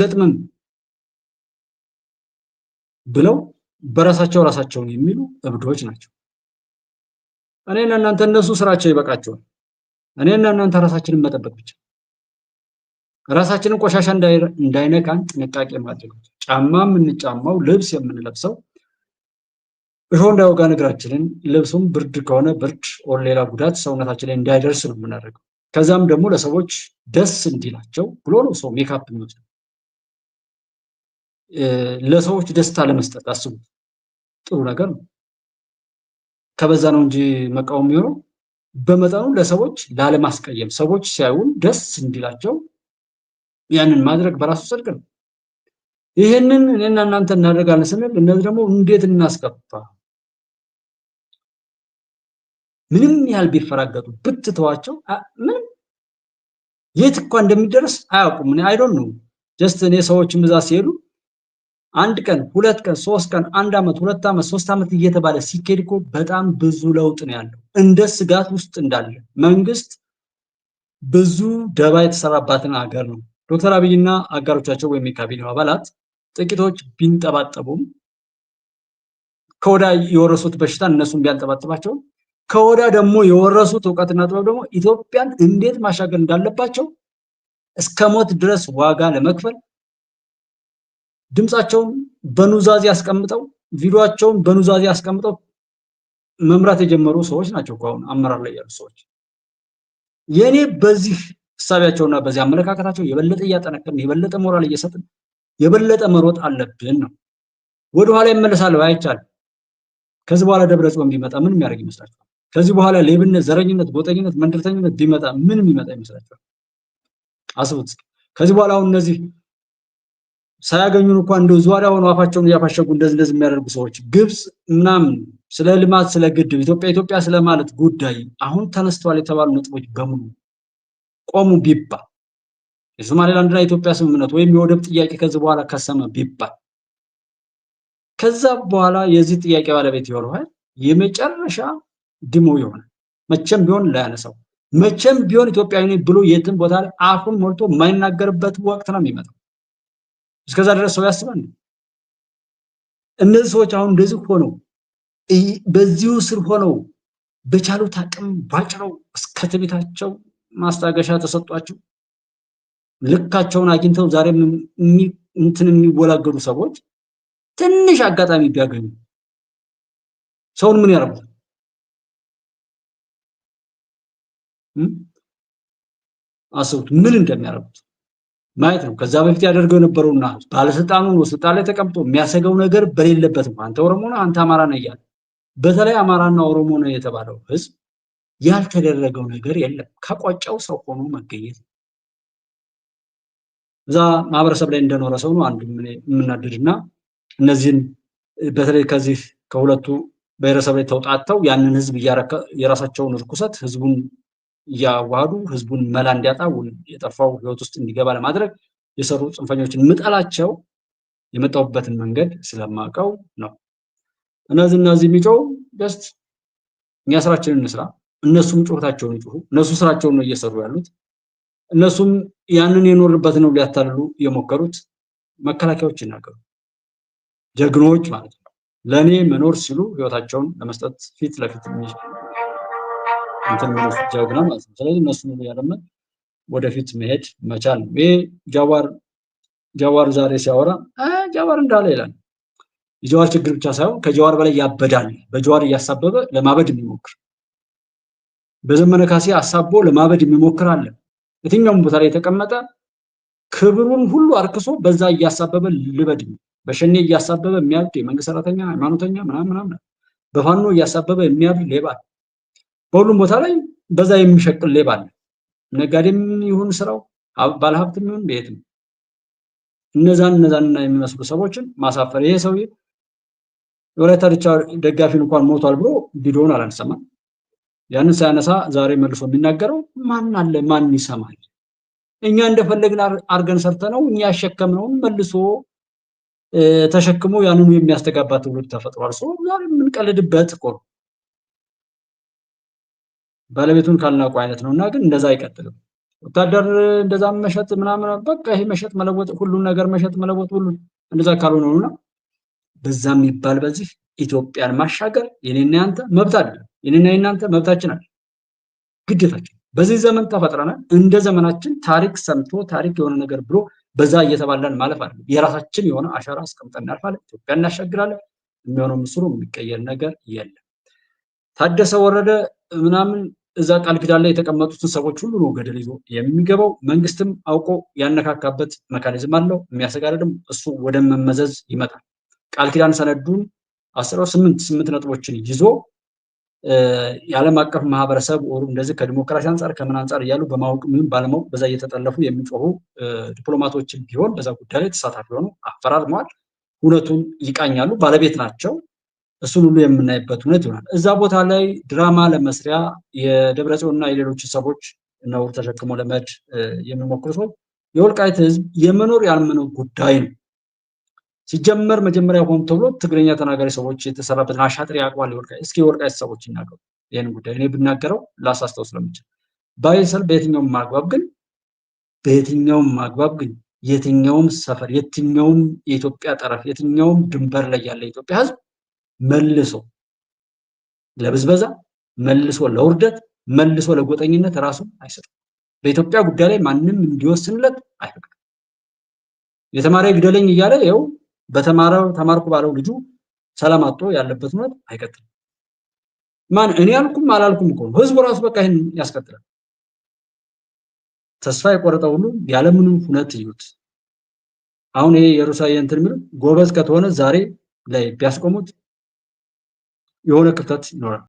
ገጥምም ብለው በራሳቸው ራሳቸውን የሚሉ እብዶች ናቸው። እኔና እናንተ እነሱ ስራቸው ይበቃቸዋል። እኔና እናንተ ራሳችንን መጠበቅ ብቻ፣ ራሳችንን ቆሻሻ እንዳይነካን ጥንቃቄ ማድረግ ብቻ። ጫማ የምንጫማው ልብስ የምንለብሰው እሾ እንዳይወጋን እግራችንን፣ ልብሱም ብርድ ከሆነ ብርድ ኦር ሌላ ጉዳት ሰውነታችን ላይ እንዳይደርስ ነው የምናደርገው። ከዛም ደግሞ ለሰዎች ደስ እንዲላቸው ብሎ ነው ሰው ሜካፕ የሚወስደው። ለሰዎች ደስታ ለመስጠት አስቡት። ጥሩ ነገር ነው። ከበዛ ነው እንጂ መቃወም የሚሆነው በመጠኑ ለሰዎች ላለማስቀየም፣ ሰዎች ሲያዩን ደስ እንዲላቸው ያንን ማድረግ በራሱ ጽድቅ ነው። ይህንን እኔና እናንተ እናደርጋለን ስንል እነዚህ ደግሞ እንዴት እናስከፋ? ምንም ያህል ቢፈራገጡ ብትተዋቸው ምንም የት እንኳ እንደሚደርስ አያውቁም። አይዶን ነው ጀስት እኔ ሰዎች ምዛ ሲሄዱ አንድ ቀን ሁለት ቀን ሶስት ቀን አንድ ዓመት ሁለት ዓመት ሶስት ዓመት እየተባለ ሲኬድ እኮ በጣም ብዙ ለውጥ ነው ያለው። እንደ ስጋት ውስጥ እንዳለ መንግስት ብዙ ደባ የተሰራባትን ሀገር ነው። ዶክተር አብይና አጋሮቻቸው ወይም የካቢኔው አባላት ጥቂቶች ቢንጠባጠቡም ከወዳ የወረሱት በሽታ እነሱን ቢያንጠባጥባቸው ከወዳ ደግሞ የወረሱት እውቀትና ጥበብ ደግሞ ኢትዮጵያን እንዴት ማሻገር እንዳለባቸው እስከ ሞት ድረስ ዋጋ ለመክፈል ድምፃቸውን በኑዛዜ አስቀምጠው ቪዲዮቸውን በኑዛዜ አስቀምጠው መምራት የጀመሩ ሰዎች ናቸው እኮ አሁን አመራር ላይ ያሉ ሰዎች። የእኔ በዚህ እሳቢያቸውና በዚህ አመለካከታቸው የበለጠ እያጠነከርን የበለጠ ሞራል እየሰጥን የበለጠ መሮጥ አለብን ነው። ወደኋላ ይመለሳለሁ አይቻልም። ከዚህ በኋላ ደብረ ጽዮን ቢመጣ ምን የሚያደርግ ይመስላችኋል? ከዚህ በኋላ ሌብነት፣ ዘረኝነት፣ ጎጠኝነት፣ መንደርተኝነት ቢመጣ ምን የሚመጣ ይመስላችኋል? አስቡት። ከዚህ በኋላ አሁን እነዚህ ሳያገኙን እንኳን እንደ ዙሪያ ሆኖ አፋቸውን እያፋሸጉ እንደዚህ እንደዚህ የሚያደርጉ ሰዎች ግብፅ ምናምን ስለ ልማት ስለ ግድብ ኢትዮጵያ ኢትዮጵያ ስለማለት ጉዳይ አሁን ተነስተዋል የተባሉ ነጥቦች በሙሉ ቆሙ ቢባል የሶማሌላንድና የኢትዮጵያ ስምምነት ወይም የወደብ ጥያቄ ከዚህ በኋላ ከሰመ ቢባል ከዛ በኋላ የዚህ ጥያቄ ባለቤት የሆነው የመጨረሻ ድሞ ይሆናል። መቼም ቢሆን ላያነሳው፣ መቼም ቢሆን ኢትዮጵያዊ ብሎ የትም ቦታ ላይ አፉን ሞልቶ የማይናገርበት ወቅት ነው የሚመጣው። እስከዛ ድረስ ሰው ያስባል። እነዚህ ሰዎች አሁን እንደዚህ ሆነው በዚሁ ስር ሆነው በቻሉት አቅም ባጭረው እስከ ትቤታቸው ማስታገሻ ተሰጧቸው ልካቸውን አግኝተው ዛሬ እንትን የሚወላገዱ ሰዎች ትንሽ አጋጣሚ ቢያገኙ ሰውን ምን ያደርጉ? አስቡት ምን እንደሚያደርጉት። ማየት ነው። ከዛ በፊት ያደርገው የነበረውና ባለስልጣኑ ነው ስልጣን ላይ ተቀምጦ የሚያሰገው ነገር በሌለበትም አንተ ኦሮሞ ነህ፣ አንተ አማራ ነህ እያለ በተለይ አማራና ኦሮሞ ነው የተባለው ህዝብ ያልተደረገው ነገር የለም። ከቋጫው ሰው ሆኖ መገኘት እዛ ማህበረሰብ ላይ እንደኖረ ሰው ነው አንዱ የምናድድ እና እነዚህን በተለይ ከዚህ ከሁለቱ ብሔረሰብ ላይ ተውጣጥተው ያንን ህዝብ የራሳቸውን እርኩሰት ህዝቡን እያዋዱ ህዝቡን መላ እንዲያጣ የጠፋው ህይወት ውስጥ እንዲገባ ለማድረግ የሰሩ ጽንፈኞችን ምጠላቸው የመጣሁበትን መንገድ ስለማውቀው ነው። እነዚህ እነዚህ የሚጮው ደስት እኛ ስራችንን እንስራ፣ እነሱም ጩኸታቸውን ይጩሁ። እነሱ ስራቸውን ነው እየሰሩ ያሉት። እነሱም ያንን የኖርበት ነው ሊያታልሉ የሞከሩት። መከላከያዎች ይናገሩ፣ ጀግኖች ማለት ነው። ለእኔ መኖር ሲሉ ህይወታቸውን ለመስጠት ፊት ለፊት እንትን ምንስ ጀግና ማለት ነው። ስለዚህ እነሱን እያለምን ወደፊት መሄድ መቻል ነው። ይሄ ጃዋር ጃዋር ዛሬ ሲያወራ ጃዋር እንዳለ ይላል። የጃዋር ችግር ብቻ ሳይሆን ከጃዋር በላይ ያበዳል፣ በጃዋር እያሳበበ ለማበድ የሚሞክር በዘመነ ካሴ አሳቦ ለማበድ የሚሞክር አለ። የትኛውም ቦታ ላይ የተቀመጠ ክብሩን ሁሉ አርክሶ በዛ እያሳበበ ልበድ፣ በሸኔ እያሳበበ የሚያብድ የመንግስት ሰራተኛ ሃይማኖተኛ ምናምን ምናምን፣ በፋኖ እያሳበበ የሚያብድ ሌባ በሁሉም ቦታ ላይ በዛ የሚሸቅል ሌባ አለ። ነጋዴም ይሁን ስራው፣ ባለሀብትም ይሁን ቤትም እነዛን እነዛን የሚመስሉ ሰዎችን ማሳፈር ይሄ ሰውዬ የወላይታ ድቻ ደጋፊን እንኳን ሞቷል ብሎ ቪዲዮውን አላነሳማም። ያንን ሳያነሳ ዛሬ መልሶ የሚናገረው ማን አለ? ማን ይሰማል? እኛ እንደፈለግን አርገን ሰርተነው እኛ ያሸከምነውን መልሶ ተሸክሞ ያንኑ የሚያስተጋባ ትውልድ ተፈጥሯል። ዛሬ የምንቀልድበት እኮ ነው። ባለቤቱን ካልናቁ አይነት ነው እና ግን እንደዛ አይቀጥልም። ወታደር እንደዛ መሸጥ ምናምን በቃ ይሄ መሸጥ መለወጥ፣ ሁሉን ነገር መሸጥ መለወጥ፣ ሁሉ እንደዛ ካልሆነ እና በዛ የሚባል በዚህ ኢትዮጵያን ማሻገር የኔና ያንተ መብት አይደለም። የኔና የናንተ መብታችን አለ ግዴታችን። በዚህ ዘመን ተፈጥረናል። እንደ ዘመናችን ታሪክ ሰምቶ ታሪክ የሆነ ነገር ብሎ በዛ እየተባላን ማለፍ አለ። የራሳችን የሆነ አሻራ አስቀምጠን ማለት ኢትዮጵያ እናሻግራለን። የሚሆነው ምስሉ የሚቀየር ነገር የለም። ታደሰ ወረደ ምናምን እዛ ቃል ኪዳን ላይ የተቀመጡትን ሰዎች ሁሉ ነው ገደል ይዞ የሚገባው። መንግስትም አውቆ ያነካካበት መካኒዝም አለው። የሚያሰጋደድም እሱ ወደ መመዘዝ ይመጣል። ቃል ኪዳን ሰነዱን አስራ ስምንት ስምንት ነጥቦችን ይዞ የዓለም አቀፍ ማህበረሰብ ወሩ እንደዚህ ከዲሞክራሲ አንጻር ከምን አንጻር እያሉ በማወቅ ምንም ባለማወቅ በዛ እየተጠለፉ የሚጮሁ ዲፕሎማቶችን ቢሆን በዛ ጉዳይ ላይ ተሳታፊ ሆኑ አፈራርመዋል። እውነቱን ይቃኛሉ። ባለቤት ናቸው። እሱን ሁሉ የምናይበት እውነት ይሆናል። እዛ ቦታ ላይ ድራማ ለመስሪያ የደብረጽዮንና የሌሎች ሰዎች ነውር ተሸክሞ ለመድ የሚሞክሩ ሰው የወልቃይት ህዝብ የመኖር ያልመኖር ጉዳይ ነው። ሲጀመር መጀመሪያ ሆን ተብሎ ትግረኛ ተናጋሪ ሰዎች የተሰራበትን አሻጥር ያውቀዋል። የወልቃይት እስኪ የወልቃይት ሰዎች ይናገሩ ይህን ጉዳይ እኔ ብናገረው ላሳስተው ስለምችል ባይሰል በየትኛውም ማግባብ ግን በየትኛውም ማግባብ ግን የትኛውም ሰፈር የትኛውም የኢትዮጵያ ጠረፍ የትኛውም ድንበር ላይ ያለ የኢትዮጵያ ህዝብ መልሶ ለብዝበዛ፣ መልሶ ለውርደት፣ መልሶ ለጎጠኝነት ራሱ አይሰጥም። በኢትዮጵያ ጉዳይ ላይ ማንም እንዲወስንለት አይፈቅድም። የተማረ ግደለኝ እያለ ይኸው በተማረው ተማርኩ ባለው ልጁ ሰላም አጥቶ ያለበት ሁነት አይቀጥልም። ማን እኔ አልኩም አላልኩም እኮ ህዝቡ ራሱ በቃ ይህን ያስቀጥላል። ተስፋ የቆረጠ ሁሉ ያለምንም ሁነት ይዩት። አሁን ይሄ የሩሳ የንትን የሚለው ጎበዝ ከተሆነ ዛሬ ላይ ቢያስቆሙት የሆነ ክፍተት ይኖራል።